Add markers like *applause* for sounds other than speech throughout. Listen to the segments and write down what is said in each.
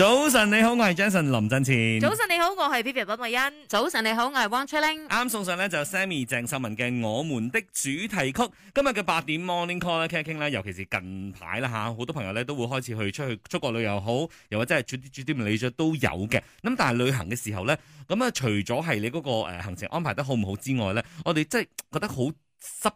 早晨，你好，我係 Jason 林振前。早晨，你好，我係 P i P 畢慧欣。早晨，你好，我係 Wang Chiling。啱送上呢，就 Sammy 鄭秀文嘅我們的主題曲。今日嘅八點 Morning Call，咧傾一傾咧，尤其是近排啦吓，好多朋友咧都會開始去出去出國旅遊好，又或者係住啲住啲民宿都有嘅。咁但係旅行嘅時候咧，咁啊除咗係你嗰個誒行程安排得好唔好之外咧，我哋即係覺得好濕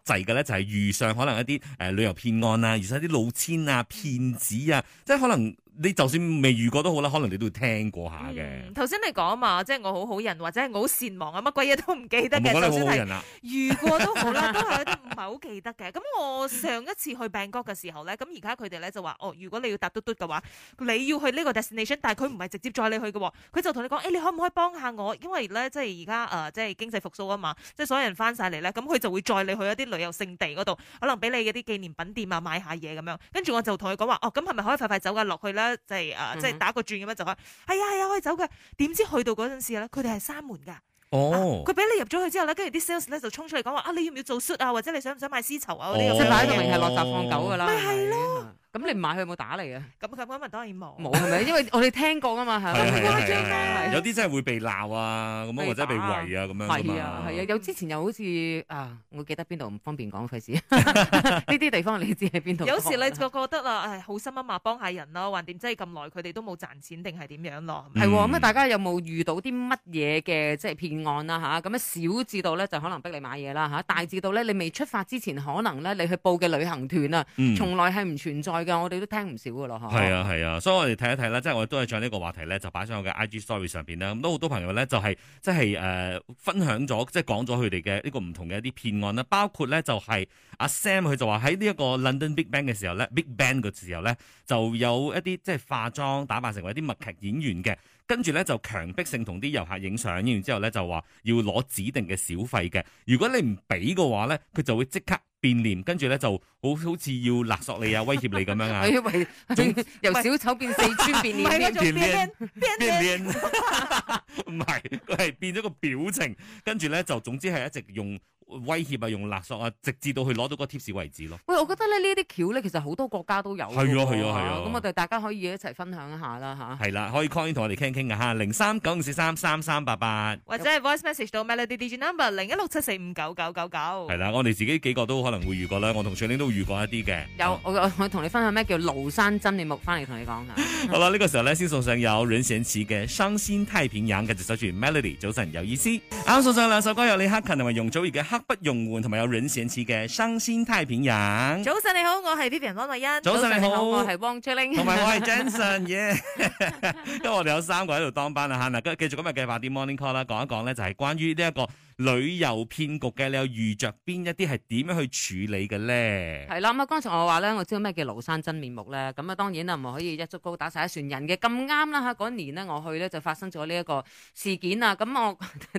滯嘅咧，就係遇上可能一啲誒旅遊騙案啊，而且啲老千啊、騙子啊，即係可能。你就算未遇過都好啦，可能你都會聽過下嘅。頭先、嗯、你講啊嘛，即係我好好人，或者係我好善忘啊，乜鬼嘢都唔記得嘅。我覺得人啦，遇過都好啦，都係一啲唔係好記得嘅。咁、嗯、我上一次去 Bangkok 嘅時候咧，咁而家佢哋咧就話哦，如果你要搭嘟嘟嘅話，你要去呢個 destination，但係佢唔係直接載你去嘅，佢就同你講誒、欸、你可唔可以幫下我？因為咧，即係而家誒即係經濟復甦啊嘛，即係所有人翻晒嚟咧，咁佢就會載你去一啲旅遊勝地嗰度，可能俾你嗰啲紀念品店啊買下嘢咁樣。跟住我就同佢講話哦，咁係咪可以快快走噶落去咧？就係啊，即係、呃嗯、哼打個轉咁樣就可以，係啊係啊可以走嘅。點知去到嗰陣時咧，佢哋係閂門噶。哦，佢俾、啊、你入咗去之後咧，跟住啲 sales 咧就衝出嚟講話啊，你要唔要做 suit 啊，或者你想唔想買絲綢啊嗰啲，哦、即係擺喺度明係落閘放狗噶啦。咪係咯。咁你唔買佢有冇打你啊？咁咁咁咪當然冇，冇係咪？因為我哋聽過㗎嘛，係咪？有啲真係會被鬧啊，咁啊或者被圍啊咁樣，係啊係啊！有之前又好似啊，我記得邊度唔方便講，費事呢啲地方你知喺邊度？有時你就覺得啦，誒好心啊嘛，幫下人咯，橫掂真係咁耐佢哋都冇賺錢定係點樣咯？係喎，咁啊大家有冇遇到啲乜嘢嘅即係騙案啦嚇？咁啊小至到咧就可能逼你買嘢啦嚇，大至到咧你未出發之前可能咧你去報嘅旅行團啊，從來係唔存在。我哋都聽唔少噶咯，係啊係啊，所以我哋睇一睇啦，即係我都係將呢個話題咧，就擺上我嘅 IG story 上邊啦。咁都好多朋友咧，就係即係誒分享咗，即係講咗佢哋嘅呢個唔同嘅一啲騙案啦。包括咧就係阿 Sam，佢就話喺呢一個 London Big Band 嘅時候咧，Big Band 嘅時候咧，就有一啲即係化妝打扮成為一啲默劇演員嘅，跟住咧就強迫性同啲遊客影相，影完之後咧就話要攞指定嘅小費嘅。如果你唔俾嘅話咧，佢就會即刻。變臉，跟住咧就好好似要勒索你啊，威脅你咁樣啊！ *laughs* 總 *laughs* 由小丑變四川變臉變變變變變，唔係，佢係變咗個表情，跟住咧就總之係一直用。威脅啊，用勒索啊，直至到去攞到個貼士為止咯。喂，我覺得咧呢啲橋咧，其實好多國家都有嘅喎。係啊，係啊，係啊。咁、啊、我哋大家可以一齊分享一下啦，吓，係啦，可以 call in 同我哋傾傾偈吓，零三九五四三三三八八，或者係 voice message 到 Melody DJ number 零一六七四五九九九九。係啦、啊，我哋自己幾個都可能會遇過啦，我同翠玲都遇過一啲嘅。有，嗯、我同你分享咩叫廬山真面目，翻嚟同你講下。 *laughs* 好啦，呢、這個時候咧先送上有任賢齊嘅《傷心太平洋》，繼續守住 Melody 早晨有意思。啱送、 *laughs* 嗯、上兩首歌有李克勤同埋容祖兒嘅。刻不容緩，同埋有新鮮似嘅新鮮太平洋。早晨你好，我係 Vivian 黃慧欣。早晨上上你好，我係汪卓玲，同埋 *laughs* 我係 Jason 耶。今日我哋有三個喺度當班啊。吓，嗱，繼續今日嘅八點 Morning Call 啦，講一講咧就係關於呢一個。旅遊騙局嘅，你有遇着邊一啲係點樣去處理嘅咧？係啦，咁、嗯、啊，剛才我話咧，我知道咩叫廬山真面目咧。咁啊，當然啊，唔可以一竹篙打晒一船人嘅。咁啱啦吓，嗰年呢，我去咧就發生咗呢一個事件啊。咁我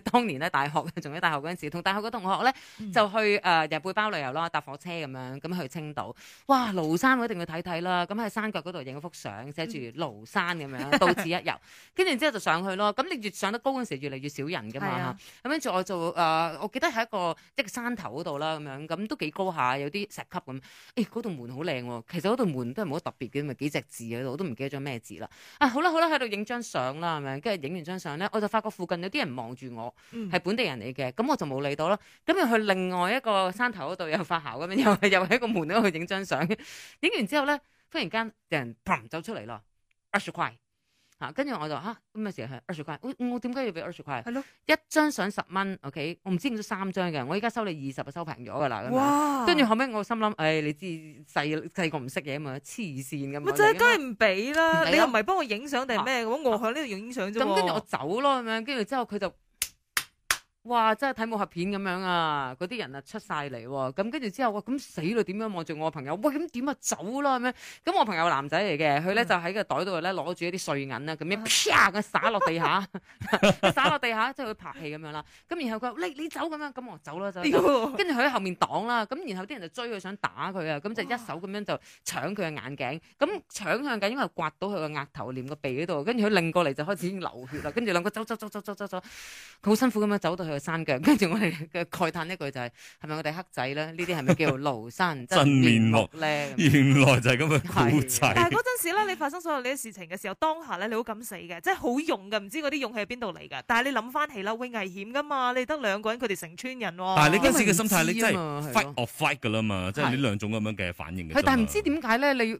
當年咧大學，仲喺大學嗰陣時，同大學嘅同學咧、嗯、就去誒，背、呃、包旅遊啦，搭火車咁樣咁去青島。哇，廬山我一定要睇睇啦。咁喺山腳嗰度影幅相，寫住廬山咁樣，到此、嗯、一遊。跟住之後就上去咯。咁你越上得高嗰陣時，越嚟越少人噶嘛。咁跟住我做。的 *laughs* 啊！Uh, 我記得喺一個即山頭嗰度啦，咁樣咁都幾高下，有啲石級咁。誒、欸，嗰道門好靚喎，其實嗰道門都係冇乜特別嘅，咪幾隻字喺度，我都唔記得咗咩字啦。啊，好啦好啦，喺度影張相啦，咁樣跟住影完張相咧，我就發覺附近有啲人望住我，係、嗯、本地人嚟嘅，咁我就冇理到啦。咁又去另外一個山頭嗰度又發姣咁樣，又又喺個門嗰度影張相，影完之後咧，忽然間有人砰走出嚟咯，吓，啊、跟住我就吓、啊，咁咪成日係二十塊，我我點解要俾二十塊？係咯，一張相十蚊，OK，我唔知咁多三張嘅，我依家收你二十就收平咗噶啦。哇！跟住後尾我心諗，誒，你知細細個唔識嘢啊嘛，黐線咁。咪就係梗係唔俾啦，你又唔係幫我影相定係咩嘅，我喺呢度影影相啫。咁跟住我走咯，咁樣跟住之後佢就。哇！真係睇武俠片咁樣啊，嗰啲人出啊出晒嚟喎。咁跟住之後，咁死啦，點樣望住我朋友？喂，咁點啊走啦咁樣。咁我朋友男仔嚟嘅，佢咧就喺個袋度咧攞住一啲碎銀啊，咁樣啪咁撒落地下，撒 *laughs* 落地下，即係佢拍戲咁樣啦。咁然後佢話：你走咁、啊、樣。咁我走啦、啊、走、啊。跟住佢喺後面擋啦。咁然後啲人就追佢，想打佢啊。咁就一手咁樣就搶佢嘅眼鏡。咁搶向緊，因為刮到佢個額頭，黏個鼻嗰度。跟住佢擰過嚟就開始已經流血啦。跟住兩個走走走走走走佢好辛苦咁樣走到去山腳，跟住我哋嘅慨嘆一句就係、是：係咪我哋黑仔咧？呢啲係咪叫廬山 *laughs* 真面目咧？原來就係咁嘅古仔。但係嗰陣時咧，你發生所有呢啲事情嘅時候，當下咧你好敢死嘅，即係好勇嘅，唔知嗰啲勇氣係邊度嚟㗎？但係你諗翻起啦，會危險㗎嘛！你得兩個人，佢哋成村人喎、啊。但係你嗰陣時嘅心態，你真係 fight or fight 㗎啦嘛，即係呢兩種咁樣嘅反應嘅。但係唔知點解咧，你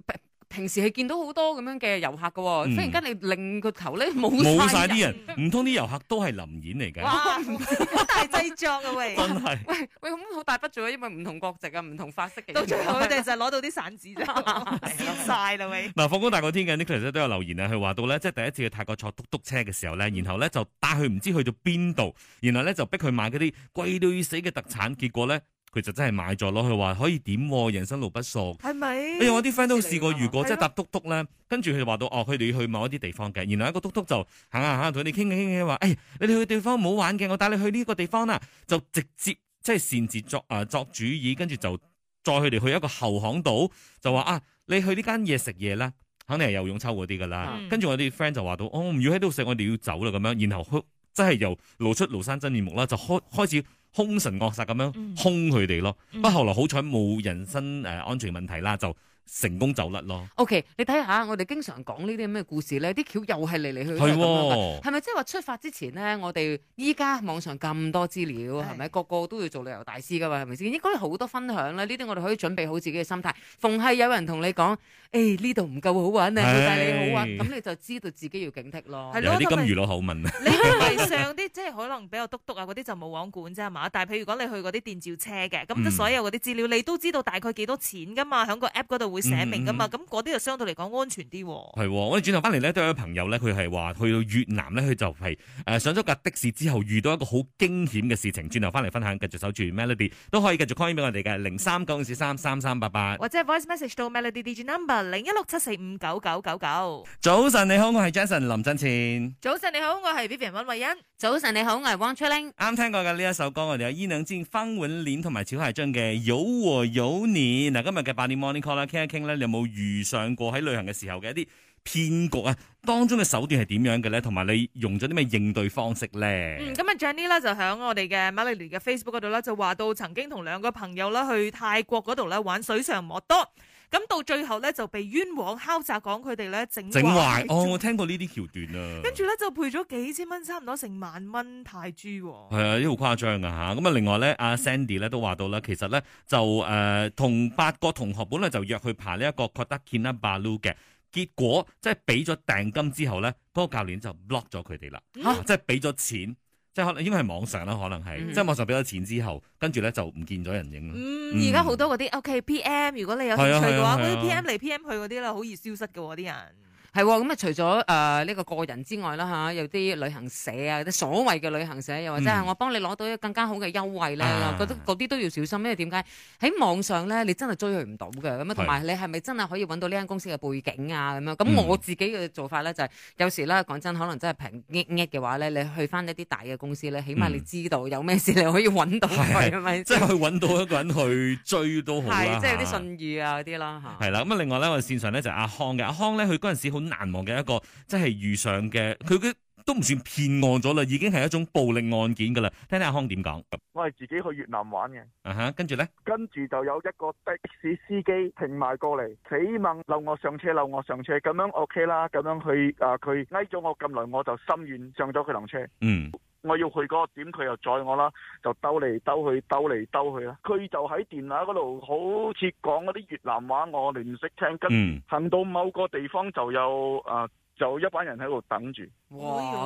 平時係見到好多咁樣嘅遊客嘅、哦，忽、嗯、然間你擰個頭咧冇曬冇曬啲人，唔通啲遊客都係臨演嚟嘅？好大製作啊喂！真係喂喂，咁好大筆做啊，因為唔同國籍啊，唔同髮色嘅。到最後佢哋就攞到啲散紙啫，蝕曬啦喂！嗱， *laughs* 放工大過天嘅 Nicholas 都有留言啊，佢話到咧，即係第一次去泰國坐嘟嘟車嘅時候咧，然後咧就帶佢唔知去到邊度，然後咧就逼佢買嗰啲貴到要死嘅特產，結果咧。 *laughs* 佢就真係買咗咯，佢話可以點、啊、人生路不熟，係咪？哎呀，我啲 friend 都試過，啊、如果的即係搭嘟嘟咧，跟住佢就話到哦，佢哋去某一啲地方嘅，然後一個嘟嘟就行下行下同你傾嘅傾嘅話，哎，你哋去地方冇玩嘅，我帶你去呢個地方啦，就直接即係擅自作啊作主意，跟住就載佢哋去一個後巷度，就話啊，你去呢間嘢食嘢啦，肯定係游泳抽嗰啲噶啦。嗯、跟住我啲 friend 就話到，哦，唔要喺度食，我哋要走啦咁樣，然後。真係由露出廬山真面目啦，就開開始兇神惡煞咁樣兇佢哋咯，嗯、不過後來好彩冇人身誒安全問題啦，就。成功走甩咯。OK，你睇下，我哋經常講呢啲咁嘅故事咧，啲橋又係嚟嚟去去，係係咪即係話出發之前咧？我哋依家網上咁多資料，係咪的？個個都要做旅遊大師噶嘛？係咪先？應該好多分享啦。呢啲我哋可以準備好自己嘅心態。逢係有人同你講，誒，呢度唔夠好玩啊，冇晒的你好玩，咁你就知道自己要警惕咯。有啲的金魚落口吻啊。且 *laughs* 你網上啲即係可能比較督篤啊，嗰啲就冇網管啫嘛。但係譬如講你去嗰啲電召車嘅，咁即係所有嗰啲資料你都知道大概幾多錢噶嘛？喺個 app 嗰度。會寫明噶嘛？咁嗰啲就相對嚟講安全啲。係，我哋轉頭翻嚟咧，都有個朋友咧，佢係話去到越南咧，佢就係誒上咗架的士之後，遇到一個好驚險嘅事情。轉頭翻嚟分享，繼續守住 Melody，都可以繼續 call 翻俾我哋嘅零三九五四三三三八八，或者 voice message 到 Melody D J number 零一六七四五九九九九。早晨你好，我係 Jason 林振前。早晨你好，我係 Vivian 溫慧欣。早晨你好，我係汪卓玲。啱聽過嘅呢一首歌，我哋有伊能靜、方文琳同埋小齊張嘅《有我有你》。嗱，今日嘅八點 Morning Call 啦，聽。傾咧，你有冇遇上過喺旅行嘅時候嘅一啲騙局啊？當中嘅手段係點樣嘅咧？同埋你用咗啲咩應對方式咧？嗯，咁啊，Jenny 咧就喺我哋嘅 Mary 蓮嘅 Facebook 度咧，就話到曾經同兩個朋友咧去泰國嗰度咧玩水上摩托。咁到最後咧就被冤枉敲詐，講佢哋咧整壞。哦，我聽過呢啲橋段啊， *laughs* 跟住咧就賠咗幾千蚊，差唔多成萬蚊泰銖喎。係啊，呢好誇張㗎吓。咁啊，另外咧，阿、啊、Sandy 咧都話到啦，其實咧就誒同八個同學本嚟就約去爬呢一個 Kota Kinabalu 嘅，結果即係俾咗訂金之後咧，嗰、那個教練就 block 咗佢哋啦，啊、即係俾咗錢。即係可能因為係網上啦，可能係，嗯、即係網上俾咗錢之後，跟住咧就唔見咗人影啦。嗯，而家好多嗰啲 OK PM，如果你有興趣嘅話嗰啲、啊啊啊、PM 嚟 PM 去嗰啲啦，好易消失嘅喎啲人。係喎，咁啊除咗誒呢個個人之外啦嚇，有啲旅行社啊，啲所謂嘅旅行社，又或者係我幫你攞到一更加好嘅優惠咧，覺得嗰啲都要小心，因為點解喺網上咧，你真係追佢唔到嘅，咁啊同埋你係咪真係可以揾到呢間公司嘅背景啊？咁樣咁我自己嘅做法咧就係有時咧，講真可能真係平啅啅嘅話咧，你去翻一啲大嘅公司咧，起碼你知道有咩事你可以揾到佢係咪？即係去揾到一個人去追都好啦，即係有啲信譽啊嗰啲啦嚇。係啦，咁啊另外咧我線上咧就係阿康嘅，阿康咧佢嗰陣時好難忘嘅一個，即係遇上嘅，佢嘅都唔算騙案咗啦，已經係一種暴力案件噶啦。聽聽阿康點講？我係自己去越南玩嘅，啊哈、uh，huh, 跟住咧，跟住就有一個的士司機停埋過嚟，企問留我上車，留我上車，咁樣 O、OK、K 啦，咁樣去啊，佢拉咗我咁耐，我就心軟上咗佢輛車。嗯。我要去嗰個點，佢又載我啦，就兜嚟兜去，兜嚟兜去啦。佢就喺電話嗰度，好似講嗰啲越南話，我哋唔識聽。跟行到某個地方就有啊、呃，就一班人喺度等住。哇！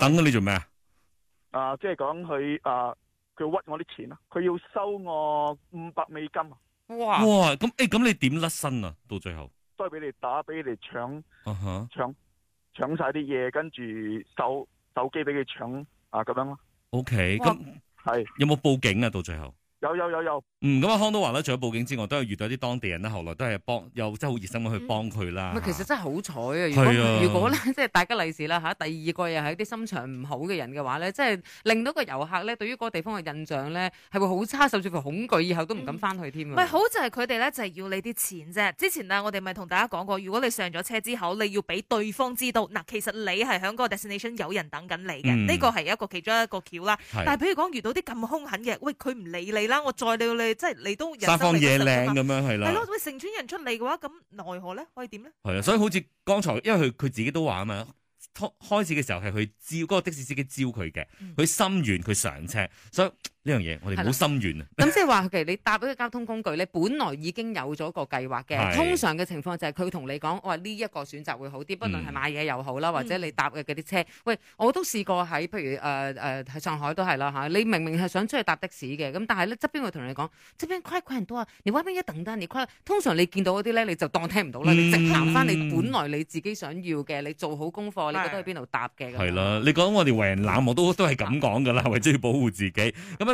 等緊你做咩啊？即係講佢啊，佢、呃、屈我啲錢啊，佢要收我五百美金啊！哇！哇！咁誒，咁、欸、你點甩身啊？到最後都係俾你打俾你搶，搶搶晒啲嘢，跟住手手機俾佢搶。啊，咁樣咯。OK，咁係，那的有冇報警啊？到最後。有有有有，嗯咁啊康都話咧，除咗報警之外，都係遇到啲當地人啦，後來都係幫，又真係好熱心咁去幫佢啦。嗯啊、其實真係好彩啊！如果、啊、如果，如果即係大吉利是啦嚇，第二個又係啲心腸唔好嘅人嘅話咧，即係令到個遊客咧對於嗰個地方嘅印象咧係會好差，甚至乎恐懼，以後都唔敢翻去添啊！嗯嗯、好就係佢哋咧，就係、是、要你啲錢啫。之前啊，我哋咪同大家講過，如果你上咗車之後，你要俾對方知道嗱、呃，其實你係響個 destination 有人等緊你嘅，呢個係一個其中一個橋啦。但係譬如講遇到啲咁兇狠嘅，喂佢唔理你啦。我再你，即係你都沙荒野嶺咁樣係啦。係咯，喂了，的成村人出嚟嘅話，咁奈何咧？可以點咧？係啊，所以好似剛才，因為佢佢自己都話啊嘛，開始嘅時候係去招嗰個的士司機招佢嘅，佢心軟佢上車，所以。呢樣嘢我哋冇心軟啊！咁即係話，其實你搭嗰個交通工具咧，本來已經有咗個計劃嘅。通常嘅情況就係佢同你講，我話呢一個選擇會好啲，不論係買嘢又好啦，或者你搭嘅嗰啲車。喂，我都試過喺譬如誒誒喺上海都係啦嚇。你明明係想出去搭的士嘅，咁但係咧側邊會同你講，側邊規規人多啊，你為乜嘢等得。你通常你見到嗰啲咧，你就當聽唔到啦。你直行返你本來你自己想要嘅，你做好功課，你覺得去邊度搭嘅。係啦，你講我哋為人冷漠都都係咁講噶啦，為咗要保護自己咁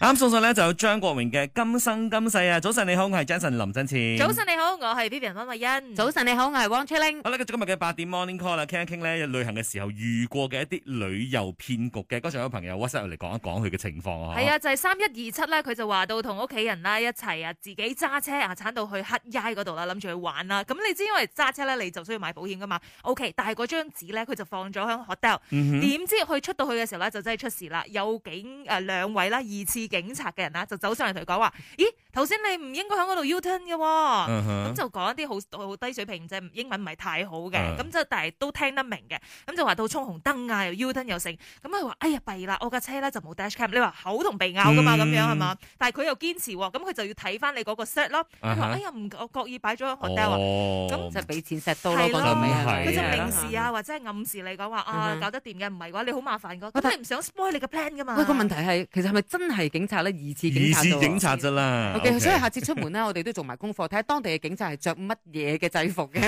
啱送送呢，就有張國榮嘅《今生今世》啊！早晨你好，我係 Jason 林振前。早晨你好，我係 Vivian 林慧欣。早晨你好，我係汪卓玲。好啦，今日嘅八點 Morning Call 啦，傾一傾咧旅行嘅時候遇過嘅一啲旅遊騙局嘅，嗰時候有個朋友 WhatsApp 嚟講一講佢嘅情況啊！係啊，就係、是、三一二七咧，佢就話到同屋企人啦一齊啊，自己揸車啊，鏟到去黑街嗰度啦，諗住去玩啦。咁你知因為揸車咧，你就需要買保險噶嘛？O K，但係嗰張紙咧，佢、okay, 就放咗喺 hotel。點知佢出到去嘅時候咧，就真係出事啦！有警誒兩、呃、位啦，二次。警察嘅人啦，就走上嚟同佢講話，咦？頭先你唔應該喺嗰度 Uturn 嘅，咁、哦 uh huh. 就講一啲好好低水平啫，即英文唔係太好嘅，咁就、uh huh. 但係都聽得明嘅，咁就話到衝紅燈啊，又 Uturn 又成。咁佢話：哎呀，弊啦，我架車咧就冇 Dashcam。你話口同鼻咬噶嘛，咁樣係嘛？但係佢又堅持喎，咁佢就要睇翻你嗰個 set 咯。佢話、uh huh.：哎呀，唔覺意擺咗個 deal 咁即係俾錢 set 到，係咯。佢就明示啊，或者係暗示你講話啊，搞得掂嘅，唔係嘅話你好麻煩噶、啊。我真係唔想 spoil 你嘅 plan 噶嘛。喂，個問題係其實係咪真係警察呢？疑似警察啫啦。所以下次出門咧，我哋都做埋功課，睇下當地嘅警察係著乜嘢嘅制服嘅。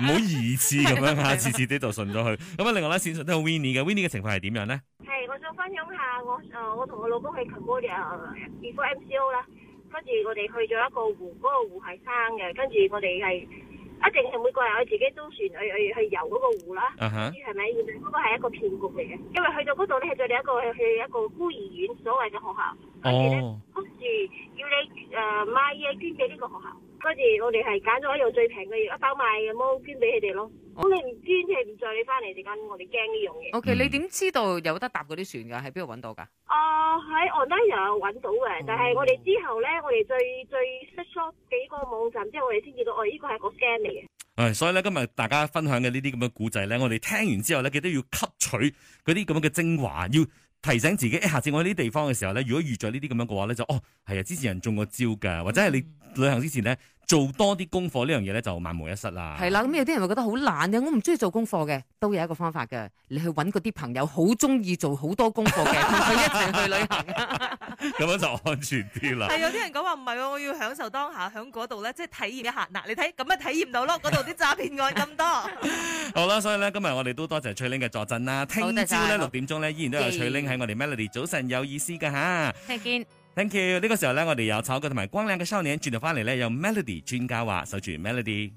唔好疑似咁樣啊，下次次啲就順咗去。咁啊，另外咧，先嚟都係 Winnie 嘅，Winnie 嘅情況係點樣咧？係，我想分享下我誒，我同我老公去 Cambodia 去做 MCO 啦。跟住我哋去咗一個湖，嗰個湖係生嘅。跟住我哋係一定係每個人，我自己租船去去去遊嗰個湖啦。嗯哼。係咪？原來嗰個係一個騙局嚟嘅，因為去到嗰度咧係再另一個去去一個孤兒院，所謂嘅學校。哦。住要你誒買嘢捐俾呢個學校，跟住我哋係揀咗一樣最平嘅嘢，一包賣嘅毛捐俾佢哋咯。咁你唔捐，佢唔再翻嚟陣間，我哋驚呢樣嘢。O K，你點知道有得搭嗰啲船噶？喺邊度搵到噶？啊喺 online 有搵到嘅，但係我哋之後咧，我哋最最 search 咗幾個網站之後，我哋先知道哦，呢個係個 scam 嚟嘅。誒，所以咧今日大家分享嘅呢啲咁嘅古仔咧，我哋聽完之後咧，記得要吸取嗰啲咁嘅精華，要。提醒自己，下次我去呢啲地方嘅時候咧，如果遇着呢啲咁樣嘅話咧，就哦，係啊，之前人中過招㗎，或者係你旅行之前咧。做多啲功課呢樣嘢咧就萬無一失啦。係啦、啊，咁有啲人會覺得好懶嘅，我唔中意做功課嘅，都有一個方法嘅，你去揾嗰啲朋友好中意做好多功課嘅，同佢 *laughs* 一齊去旅行，咁 *laughs* 樣就安全啲啦。係有啲人講話唔係喎，我要享受當下，喺嗰度咧即係體驗一下嗱、啊。你睇咁咪體驗到咯，嗰度啲詐騙案咁多。好啦，所以咧今日我哋都多謝翠玲嘅坐鎮啦。聽朝咧六點鐘咧依然都有翠玲喺我哋 Melody 早晨有意思嘅嚇。聽日見。Thank you，呢個時候呢，我哋有草根同埋光良嘅少年轉頭返嚟呢，有 Melody 專家話守住 Melody。